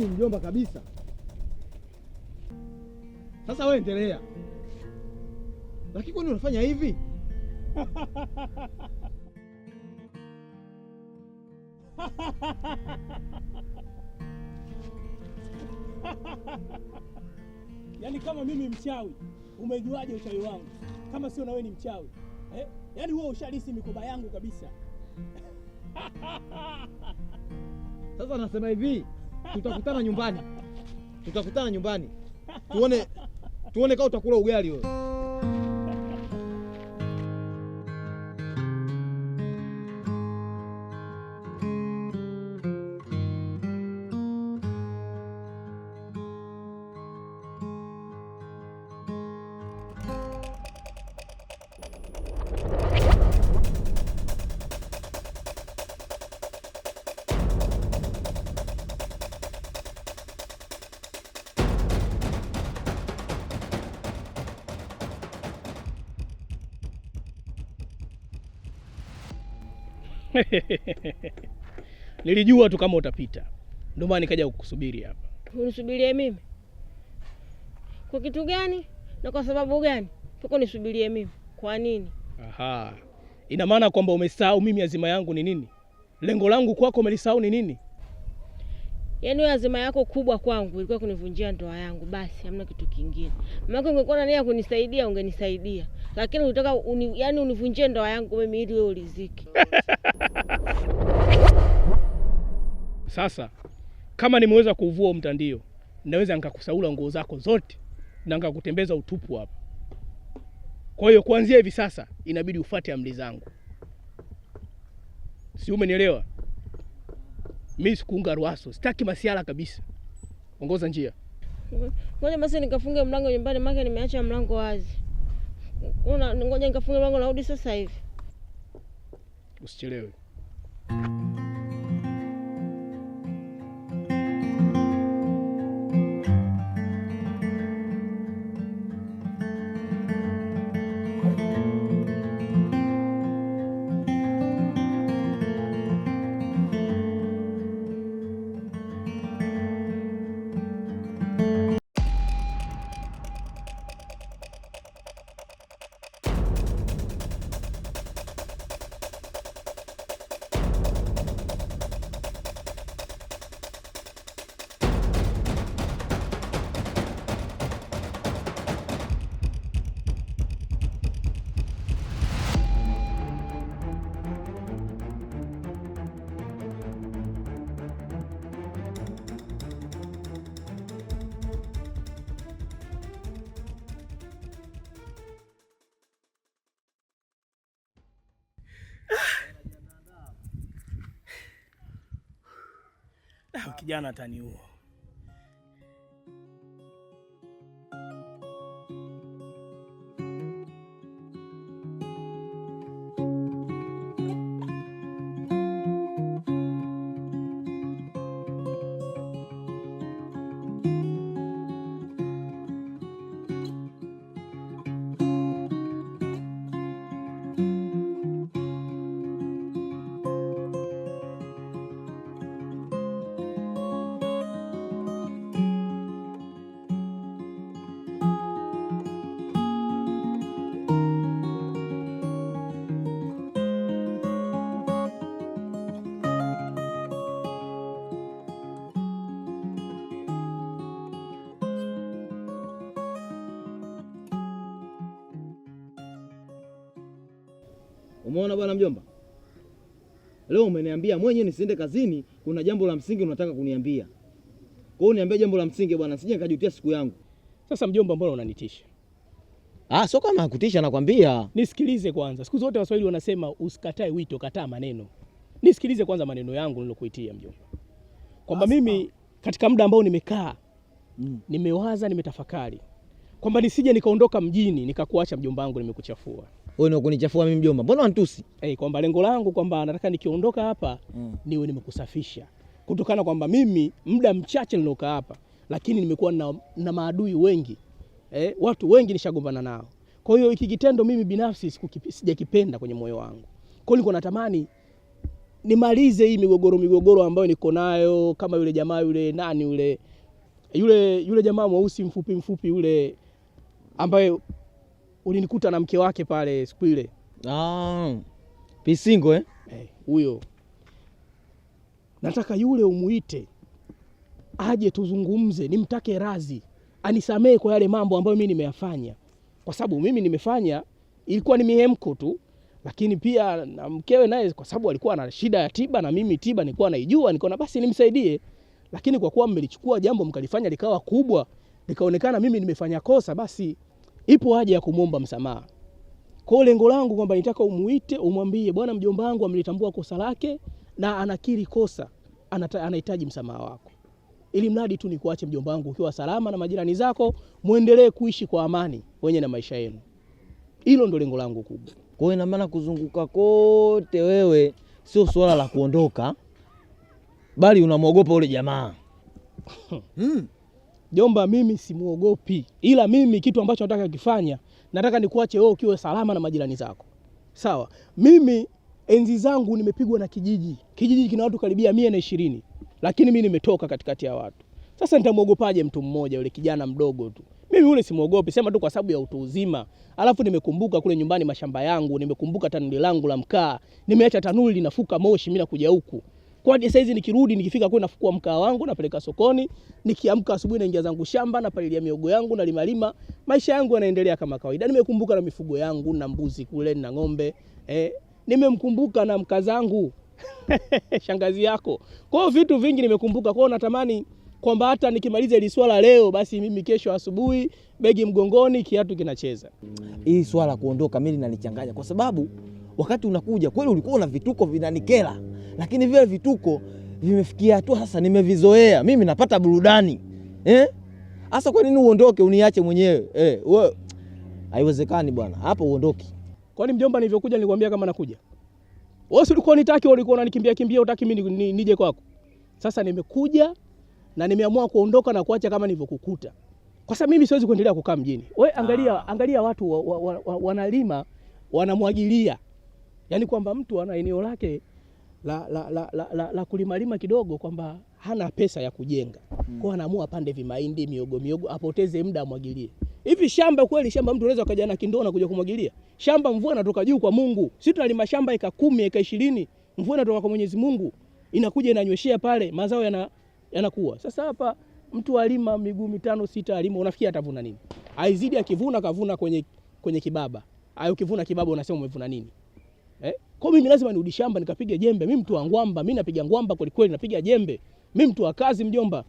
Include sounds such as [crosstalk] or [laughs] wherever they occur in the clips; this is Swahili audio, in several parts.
ni mjomba kabisa. Sasa wewe endelea, lakini kwani unafanya hivi? [laughs] Yaani kama mimi mchawi, umejuaje uchawi wangu? Kama sio na wewe ni mchawi eh? Yaani wewe ushalisi mikoba yangu kabisa. [laughs] Sasa nasema hivi tutakutana nyumbani, tutakutana nyumbani, tuone tuone kama utakula ugali wewe. [laughs] Nilijua tu kama utapita, ndio maana nikaja kukusubiri hapa. Unisubirie mimi kwa kitu gani na kwa sababu gani? Tuko nisubirie mimi kwa nini? Aha, ina maana kwamba umesahau mimi azima yangu ni nini, lengo langu kwako umelisahau ni nini? Yaani wewe azima yako kubwa kwangu ilikuwa kunivunjia ndoa yangu, basi hamna kitu kingine. yako ungekuwa na nia kunisaidia ungenisaidia. Lakini unataka uni, yani univunjie ndoa yangu mimi ili wewe uliziki. [laughs] Sasa kama nimeweza kuvua mtandio, naweza nikakusaula nguo zako zote na nikakutembeza utupu hapa. Kwa hiyo kuanzia hivi sasa inabidi ufuate amri zangu. Si umenielewa? mimi sikuunga ruaso, sitaki masiala kabisa. Ongoza njia. Ngoja basi nikafunge mlango nyumbani, maana nimeacha mlango wazi. Una ngoja nikafunge mlango, narudi sasa hivi. Usichelewe. kijana ataniua. Umeona bwana mjomba, leo umeniambia mwenye nisiende kazini, kuna jambo la msingi unataka kuniambia. Kwa hiyo niambia jambo la msingi bwana, sije nikajutia siku yangu. Sasa mjomba, mbona unanitisha? Ah, sio kama hakutisha, nakwambia nisikilize kwanza. Siku zote Waswahili wanasema usikatae wito, kataa maneno. Nisikilize kwanza maneno yangu nilokuitia mjomba, kwamba mimi katika muda ambao nimekaa mm, nimewaza, nimetafakari kwamba nisije nikaondoka mjini nikakuacha mjomba wangu, nimekuchafua wewe ni kunichafua mimi mjomba, mbona unitusi? Eh, kwamba lengo langu kwamba nataka nikiondoka hapa mm. niwe nimekusafisha kutokana kwamba mimi muda mchache nilioka hapa, lakini nimekuwa na, na maadui wengi eh, watu wengi nishagombana nao. Kwa hiyo hiki kitendo mimi binafsi sijakipenda kwenye moyo wangu, kwa hiyo natamani nimalize hii migogoro migogoro ambayo niko nayo, kama yule jamaa yule nani yule yule yule jamaa mweusi mfupi mfupi yule ambaye ulinikuta na mke wake pale siku ile. Ah, Pisingo eh? eh? Huyo hey, nataka yule umuite aje tuzungumze, nimtake razi anisamehe kwa yale mambo ambayo mimi nimeyafanya, kwa sababu mimi nimefanya ilikuwa ni mihemko tu, lakini pia na mkewe naye, kwa sababu alikuwa na shida ya tiba na mimi tiba nilikuwa naijua, nikaona basi nimsaidie. Lakini kwa kuwa mmelichukua jambo mkalifanya likawa kubwa, likaonekana mimi nimefanya kosa, basi ipo haja ya kumwomba msamaha. Kwa hiyo lengo langu kwamba nitaka umuite umwambie, bwana, mjomba wangu amelitambua kosa lake na anakiri kosa, anahitaji msamaha wako, ili mradi tu nikuache mjomba wangu ukiwa salama na majirani zako, muendelee kuishi kwa amani wenye na maisha yenu. Hilo ndo lengo langu kubwa. Kwa hiyo ina maana kuzunguka kote wewe sio swala la kuondoka, bali unamwogopa ule jamaa. [laughs] hmm. Jomba, mimi simuogopi, ila mimi kitu ambacho nataka kifanya, nataka nikuache wewe ukiwe salama na majirani zako, sawa? Mimi enzi zangu nimepigwa na kijiji. Kijiji kina watu karibia mia na ishirini, lakini mimi nimetoka katikati ya watu. Sasa nitamuogopaje mtu mmoja yule kijana mdogo tu? Mimi yule simwogopi, sema tu kwa sababu ya utu uzima. Alafu nimekumbuka kule nyumbani mashamba yangu, nimekumbuka tanuli langu la mkaa, nimeacha tanuli linafuka moshi, mimi nakuja huku kwa hadi hizi nikirudi nikifika kule nafukua mkaa wangu napeleka sokoni, nikiamka asubuhi naingia zangu shamba napalilia miogo yangu na lima maisha yangu yanaendelea kama kawaida. Nimekumbuka na mifugo yangu na mbuzi kule na ng'ombe eh, nimemkumbuka na mkazangu [laughs] shangazi yako. Kwa vitu vingi nimekumbuka, kwa natamani kwamba hata nikimaliza hili swala leo basi mimi kesho asubuhi begi mgongoni kiatu kinacheza. Hii swala kuondoka mimi linanichanganya kwa sababu wakati unakuja kweli ulikuwa una vituko vinanikera lakini vile vituko vimefikia hatua sasa nimevizoea mimi, napata burudani eh? hasa eh? Kwa nini uondoke uniache mwenyewe eh? Wewe haiwezekani bwana, hapa uondoki. Kwani mjomba, nilivyokuja nilikwambia kama nakuja wewe, si ulikuwa unitaki? Ulikuwa unanikimbia kimbia, utaki mimi ni, nije kwako. Sasa nimekuja na nimeamua kuondoka na kuacha kama nilivyokukuta, kwa sababu mimi siwezi kuendelea kukaa mjini. Wewe angalia, ah. angalia watu wa, wa, wa, wa, wanalima wanamwagilia, yaani kwamba mtu ana eneo lake la, la, la, la, la, la kulimalima kidogo kwamba hana pesa ya kujenga mm. kwa anaamua pande vimahindi, miogo miogo, apoteze muda, amwagilie hivi shamba. Kweli shamba mtu anaweza kaja na kindoo na kuja kumwagilia shamba? Mvua inatoka juu kwa Mungu. Sisi tunalima shamba eka 10 eka 20 mvua inatoka kwa Mwenyezi Mungu inakuja inanyweshea pale, mazao yana yanakuwa. Sasa hapa mtu alima miguu mitano sita, alima unafikia atavuna nini? Aizidi akivuna kavuna kwenye kwenye kibaba, ayo kivuna kibaba, unasema umevuna nini? Eh? Kwa mimi lazima nirudi shamba nikapige jembe. Mimi mtu wa ngwamba, mimi napiga ngwamba kweli kweli napiga jembe. Mimi mtu wa kazi mjomba.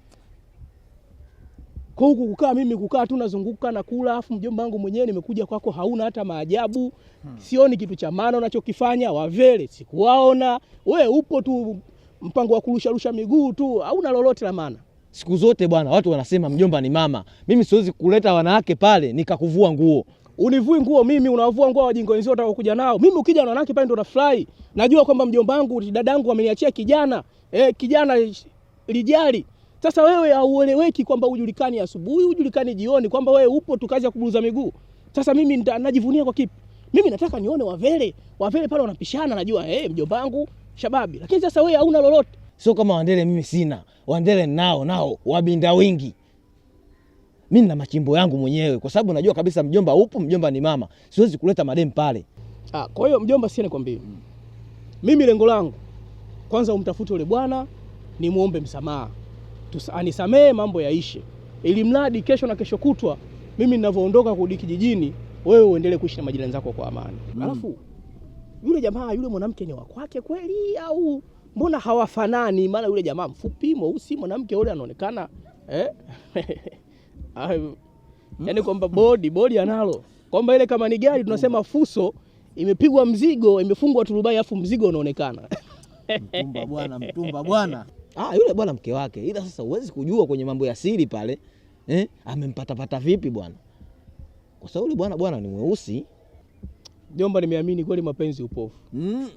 Kwa huku kukaa mimi kukaa tu nazunguka na kula afu mjomba wangu mwenyewe nimekuja kwako hauna hata maajabu. Hmm. Sioni kitu cha maana unachokifanya wavele sikuwaona. Wewe upo tu mpango wa kurusha rusha miguu tu hauna lolote la maana. Siku zote bwana watu wanasema mjomba ni mama. Mimi siwezi kuleta wanawake pale nikakuvua nguo univui nguo mimi, unavua nguo wajinga wenzio watakaokuja nao. Mimi ukija na wanawake pale ndo nafurahi, najua kwamba mjomba wangu dadangu ameniachia kijana eh, kijana lijali. Sasa wewe haueleweki kwamba hujulikani asubuhi, hujulikani jioni, kwamba wewe upo tukaanza kuburuza miguu. Sasa mimi najivunia kwa kipi? Mimi nataka nione wavele wavele pale wanapishana, najua eh, mjomba wangu shababi, lakini sasa wewe hauna lolote. Sio kama Wandele, mimi sina Wandele, nao nao wabinda wingi mimi na machimbo yangu mwenyewe, kwa sababu najua kabisa mjomba upo, mjomba ni mama, siwezi kuleta madem pale. Ah, kwa hiyo mjomba, si nikwambie mimi, lengo langu kwanza umtafute yule bwana, nimwombe msamaha, anisamehe, mambo yaishe, ili mradi kesho na kesho kutwa mimi ninavyoondoka kurudi kijijini, wewe uendelee kuishi na majirani zako kwa amani. Mm. Alafu yule jamaa yule mwanamke ni wa kwake kweli au mbona hawafanani? Maana yule jamaa mfupi mweusi, mwanamke yule anaonekana eh? [laughs] yaani kwamba bodi bodi analo kwamba ile kama ni gari tunasema fuso imepigwa mzigo imefungwa turubai afu mzigo unaonekana. Mtumba bwana, mtumba bwana. [laughs] Ah, yule bwana mke wake, ila sasa uwezi kujua kwenye mambo ya siri pale eh, amempatapata vipi bwana, kwa sababu yule bwana bwana ni mweusi. Jomba, nimeamini kweli mapenzi upofu mm.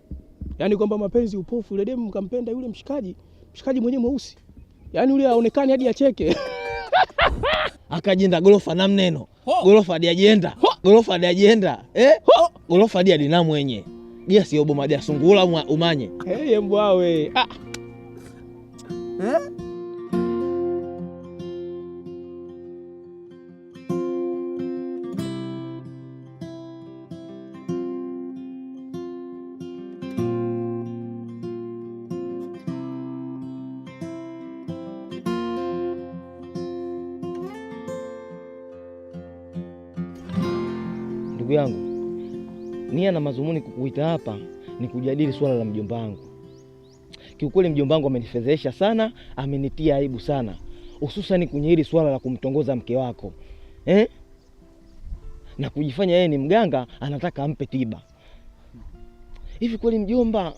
Yaani kwamba mapenzi upofu, yule demu mkampenda yule mshikaji, mshikaji mwenyewe mweusi, yaani yule aonekani hadi acheke [laughs] akajenda gorofa na mneno gorofa dia jenda gorofa dia eh gorofa dia dina mwenye dia sio boma dia sungula umanye hey, mbwawe ah. eh? nia na mazumuni kukuita hapa ni kujadili swala la mjomba wangu. Kiukweli mjomba wangu amenifedhesha sana, amenitia aibu sana, hususani kwenye hili swala la kumtongoza mke wako eh? na kujifanya yeye ni mganga, anataka ampe tiba. Hivi kweli mjomba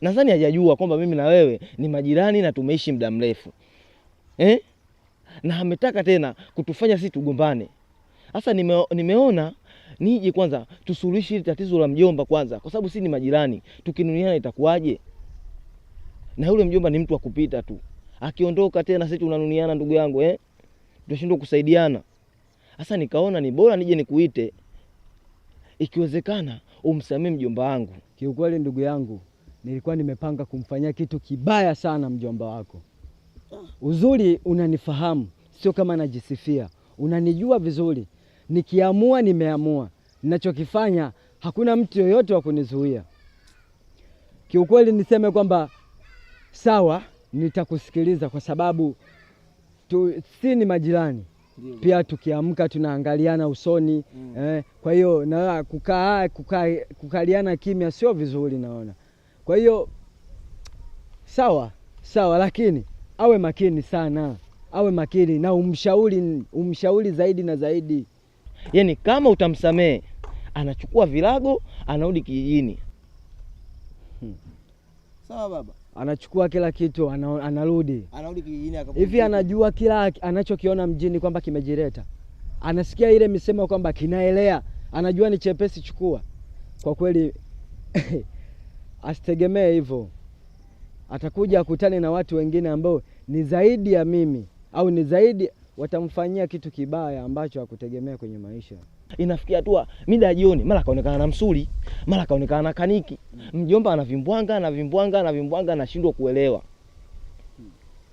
nadhani hajajua kwamba mimi na wewe ni majirani na tumeishi muda mrefu eh? na ametaka tena kutufanya sisi tugombane. Sasa nime, nimeona nije kwanza tusuluhishe hili tatizo la mjomba kwanza, kwa sababu si ni majirani, tukinuniana itakuwaje? Na yule mjomba ni mtu wa kupita tu, akiondoka tena sisi tunanuniana, ndugu yangu eh? Tunashindwa kusaidiana. Sasa nikaona ni bora nije nikuite, ikiwezekana umsamee mjomba wangu. Kiukweli ndugu yangu, nilikuwa nimepanga kumfanyia kitu kibaya sana mjomba wako. Ah. Uzuri unanifahamu, sio kama najisifia, unanijua vizuri Nikiamua nimeamua, ninachokifanya hakuna mtu yoyote wa kunizuia. Kiukweli niseme kwamba sawa, nitakusikiliza kwa sababu tu, si ni majirani pia tukiamka tunaangaliana usoni mm. Eh, kwa hiyo na kukaa kuka, kukaliana kimya sio vizuri, naona. Kwa hiyo sawa sawa, lakini awe makini sana, awe makini na umshauri, umshauri zaidi na zaidi. Yaani kama utamsamehe anachukua virago anarudi kijijini. Hmm. Sawa baba. Anachukua kila kitu ana, anarudi anarudi kijijini hivi, anajua kila anachokiona mjini kwamba kimejireta, anasikia ile misemo kwamba kinaelea, anajua ni chepesi, chukua. Kwa kweli [laughs] asitegemee hivyo, atakuja akutane na watu wengine ambao ni zaidi ya mimi au ni zaidi watamfanyia kitu kibaya ambacho hakutegemea kwenye maisha. Inafikia hatua mida ya jioni, mara kaonekana na msuli, mara kaonekana na kaniki, mjomba anavimbwanga anavimbwanga anavimbwanga, anashindwa kuelewa.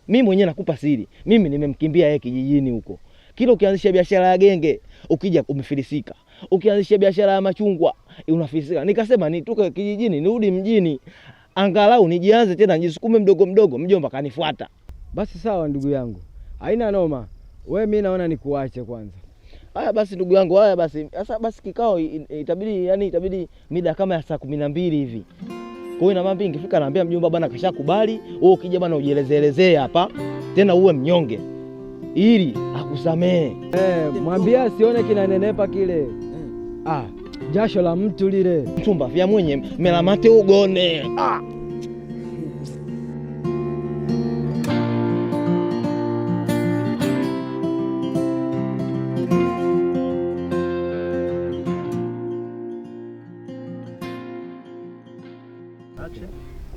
Mimi mwenyewe nakupa siri, mimi nimemkimbia yeye kijijini huko. Kila ukianzisha biashara ya genge ukija umefilisika, ukianzisha biashara ya machungwa unafilisika. Nikasema nitoke kijijini nirudi mjini, angalau nijianze tena, nijisukume mdogo mdogo. Mjomba kanifuata. Basi sawa, ndugu yangu, haina noma we mi naona nikuache kwanza. Haya basi ndugu yangu, haya basi sasa, basi kikao itabidi, yani itabidi mida kama ya saa kumi na mbili hivi. Kwa hiyo inamaana ingefika, naambia mjomba bwana kashakubali, wewe ukija bwana ujielezeelezee hapa tena, uwe mnyonge ili akusamee Eh, mwambie asione kinanenepa kile. Hmm. Ah, jasho la mtu lile, mchumba vya mwenye melamate ugone ah.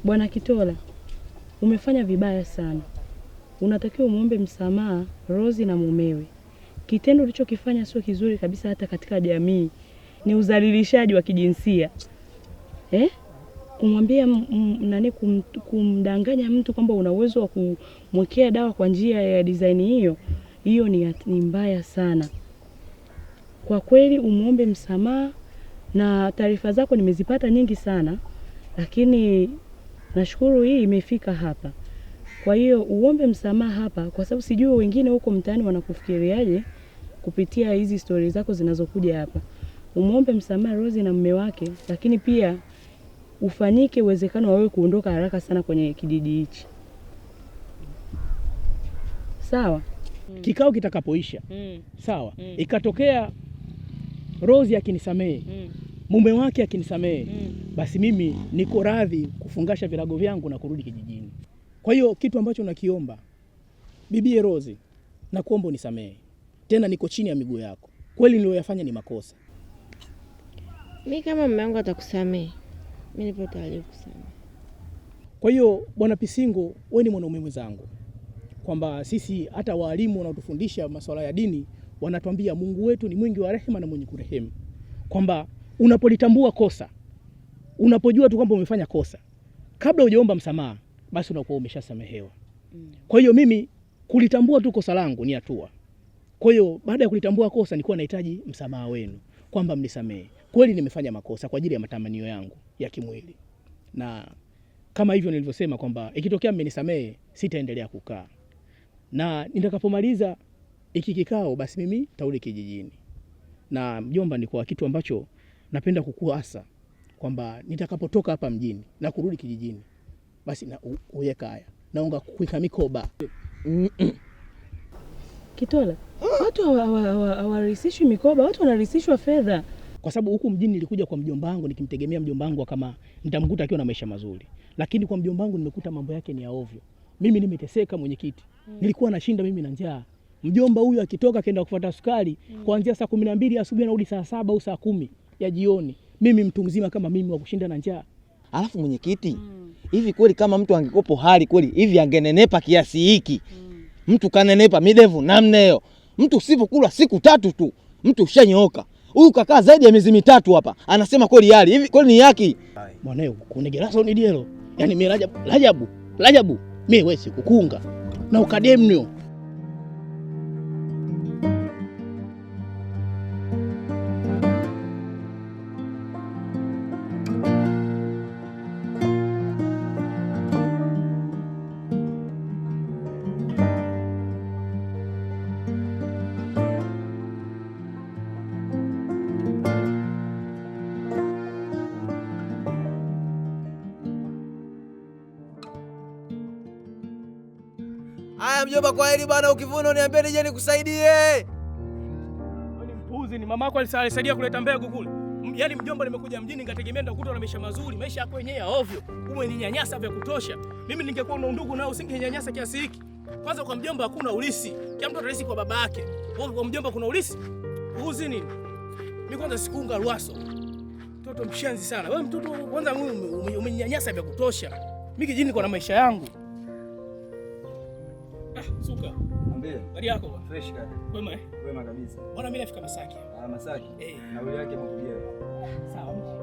Bwana Kitola, umefanya vibaya sana. Unatakiwa umwombe msamaha Rozi na mumewe. Kitendo ulichokifanya sio kizuri kabisa, hata katika jamii ni udhalilishaji wa kijinsia eh? Kumwambia nani, kum, kumdanganya mtu kwamba una uwezo wa kumwekea dawa kwa njia ya design hiyo hiyo ni, ni mbaya sana kwa kweli. Umwombe msamaha, na taarifa zako nimezipata nyingi sana, lakini Nashukuru hii imefika hapa. Kwa hiyo uombe msamaha hapa, kwa sababu sijui wengine huko mtaani wanakufikiriaje kupitia hizi stori zako zinazokuja hapa. Umwombe msamaha Rose na mume wake, lakini pia ufanyike uwezekano wa wewe kuondoka haraka sana kwenye kijiji hichi, sawa? mm. Kikao kitakapoisha mm. sawa mm. Ikatokea Rose akinisamehe mm mume wake akinisamehe mm. basi mimi niko radhi kufungasha virago vyangu na kurudi kijijini. Kwa hiyo kitu ambacho nakiomba Bibi Rose, nakuomba unisamehe tena, niko chini ya miguu yako. Kweli niliyoyafanya ni makosa. Mi kama mume wangu atakusamehe, mi nipo tayari kusamehe. Kwa hiyo Bwana Pisingo, wewe ni mwanaume mwenzangu, kwamba sisi hata waalimu wanaotufundisha masuala ya dini wanatuambia Mungu wetu ni mwingi wa rehema na mwenye kurehemu, kwamba Unapolitambua kosa, unapojua tu kwamba umefanya kosa, kabla hujaomba msamaha, basi unakuwa umeshasamehewa. Mm. Kwa hiyo mimi kulitambua tu kosa langu ni hatua. Kwa hiyo baada ya kulitambua kosa, nilikuwa nahitaji msamaha wenu kwamba mnisamehe, kweli nimefanya makosa kwa ajili ya matamanio yangu ya kimwili, na kama hivyo nilivyosema kwamba ikitokea mmenisamehe, sitaendelea kukaa na nitakapomaliza iki kikao, basi mimi tauli kijijini. Na mjomba, ni kwa kitu ambacho napenda kukuasa kwamba nitakapotoka hapa mjini na kurudi kijijini, basi na uweka haya naunga kuika mikoba [clears throat] Kitola, watu hawarahisishwi mikoba, watu wanarahisishwa fedha. Kwa sababu huku mjini nilikuja kwa mjomba wangu nikimtegemea mjomba wangu kama nitamkuta akiwa na maisha mazuri, lakini kwa mjomba wangu nimekuta mambo yake ni ya ovyo. Mimi nimeteseka mwenyekiti, mm. nilikuwa nashinda mimi na njaa. Mjomba huyu akitoka kenda kufuata sukari mm. kuanzia saa kumi na mbili asubuhi anarudi saa saba au saa kumi ya jioni, mimi mtu mzima kama mimi wa kushinda na njaa. Alafu mwenyekiti, mm. hivi kweli kama mtu angekopo hali kweli hivi angenenepa kiasi hiki? mm. mtu kanenepa midevu namna hiyo, mtu usipokula siku tatu tu mtu ushanyooka. Huyu kakaa zaidi ya miezi mitatu hapa, anasema kweli hali hivi kweli ni yaki mwanao ni dielo Yani mimi Rajabu, Rajabu, Rajabu, mimi wewe sikukunga na ukademnio jamani bwana, ukivuna uniambie nije nikusaidie. Ni mpuzi, ni mama yako alisaidia kuleta mbegu kule. Yaani mjomba, nimekuja mjini ngategemea ndakuta na maisha mazuri, maisha yako yenyewe ya ovyo. Umeninyanyasa vya kutosha. Mimi ningekuwa na ndugu nao usingenyanyasa kiasi hiki. Kwanza kwa mjomba hakuna ulisi. Kila mtu atalisi kwa baba yake. Wewe Kwa mjomba kuna ulisi? Uzi nini? Mimi kwanza sikunga ruaso. Mtoto mshenzi sana. Wewe mtoto kwanza, umenyanyasa vya kutosha. Mimi kijini kwa na maisha yangu. Suka. Ambie. Hali yako bwana? Fresh kaka. Wema eh? Wema kabisa. Bwana mimi nafika Masaki. Ah, Masaki. Eh. wewe yake makubia. Ah, sawa.